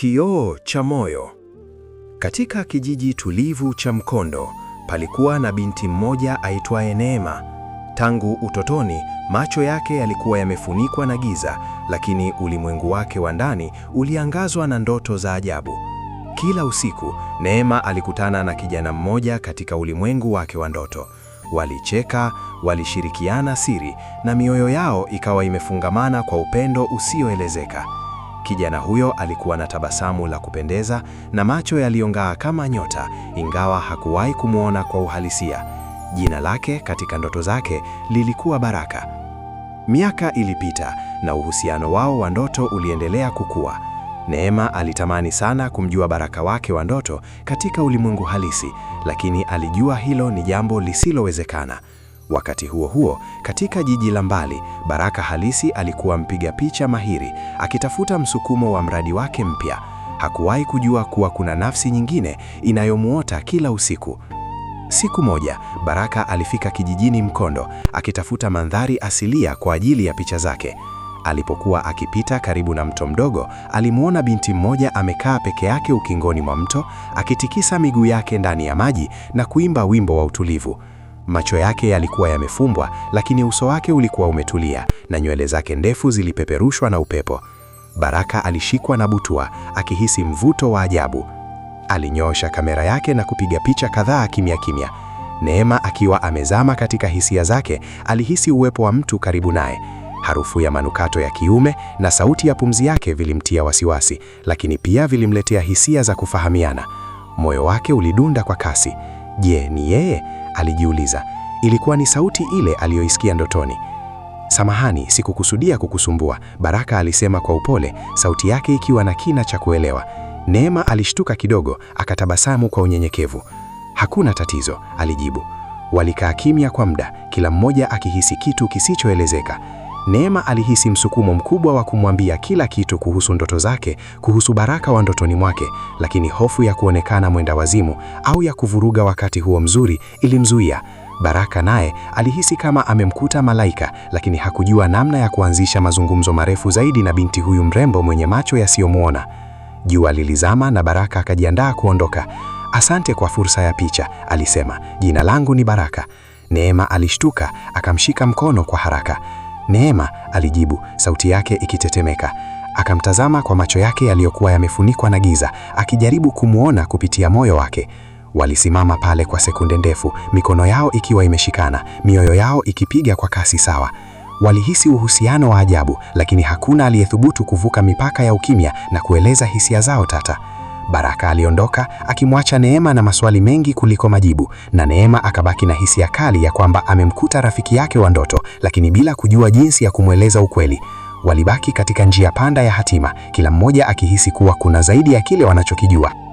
Kioo cha moyo. Katika kijiji tulivu cha Mkondo palikuwa na binti mmoja aitwaye Neema. Tangu utotoni macho yake yalikuwa yamefunikwa na giza, lakini ulimwengu wake wa ndani uliangazwa na ndoto za ajabu. Kila usiku Neema alikutana na kijana mmoja katika ulimwengu wake wa ndoto. Walicheka, walishirikiana siri na mioyo yao ikawa imefungamana kwa upendo usioelezeka. Kijana huyo alikuwa na tabasamu la kupendeza na macho yaliyong'aa kama nyota, ingawa hakuwahi kumwona kwa uhalisia. Jina lake katika ndoto zake lilikuwa Baraka. Miaka ilipita na uhusiano wao wa ndoto uliendelea kukua. Neema alitamani sana kumjua Baraka wake wa ndoto katika ulimwengu halisi, lakini alijua hilo ni jambo lisilowezekana. Wakati huo huo, katika jiji la mbali, Baraka halisi alikuwa mpiga picha mahiri, akitafuta msukumo wa mradi wake mpya. Hakuwahi kujua kuwa kuna nafsi nyingine inayomuota kila usiku. Siku moja, Baraka alifika kijijini Mkondo, akitafuta mandhari asilia kwa ajili ya picha zake. Alipokuwa akipita karibu na mto mdogo, alimwona binti mmoja amekaa peke yake ukingoni mwa mto, akitikisa miguu yake ndani ya maji na kuimba wimbo wa utulivu. Macho yake yalikuwa yamefumbwa, lakini uso wake ulikuwa umetulia na nywele zake ndefu zilipeperushwa na upepo. Baraka alishikwa na butua, akihisi mvuto wa ajabu. Alinyoosha kamera yake na kupiga picha kadhaa kimya kimya. Neema akiwa amezama katika hisia zake, alihisi uwepo wa mtu karibu naye. Harufu ya manukato ya kiume na sauti ya pumzi yake vilimtia wasiwasi, lakini pia vilimletea hisia za kufahamiana. Moyo wake ulidunda kwa kasi. Je, ni yeye? alijiuliza. Ilikuwa ni sauti ile aliyoisikia ndotoni. Samahani, sikukusudia kukusumbua, Baraka alisema kwa upole, sauti yake ikiwa na kina cha kuelewa. Neema alishtuka kidogo, akatabasamu kwa unyenyekevu. Hakuna tatizo, alijibu. Walikaa kimya kwa muda, kila mmoja akihisi kitu kisichoelezeka. Neema alihisi msukumo mkubwa wa kumwambia kila kitu kuhusu ndoto zake, kuhusu Baraka wa ndotoni mwake, lakini hofu ya kuonekana mwenda wazimu au ya kuvuruga wakati huo mzuri ilimzuia. Baraka naye alihisi kama amemkuta malaika, lakini hakujua namna ya kuanzisha mazungumzo marefu zaidi na binti huyu mrembo mwenye macho yasiyomwona. Jua lilizama na Baraka akajiandaa kuondoka. Asante kwa fursa ya picha, alisema. Jina langu ni Baraka. Neema alishtuka, akamshika mkono kwa haraka. Neema, alijibu, sauti yake ikitetemeka. Akamtazama kwa macho yake yaliyokuwa yamefunikwa na giza, akijaribu kumwona kupitia moyo wake. Walisimama pale kwa sekunde ndefu, mikono yao ikiwa imeshikana, mioyo yao ikipiga kwa kasi sawa. Walihisi uhusiano wa ajabu, lakini hakuna aliyethubutu kuvuka mipaka ya ukimya na kueleza hisia zao tata. Baraka aliondoka akimwacha Neema na maswali mengi kuliko majibu, na Neema akabaki na hisia kali ya kwamba amemkuta rafiki yake wa ndoto, lakini bila kujua jinsi ya kumweleza ukweli. Walibaki katika njia panda ya hatima, kila mmoja akihisi kuwa kuna zaidi ya kile wanachokijua.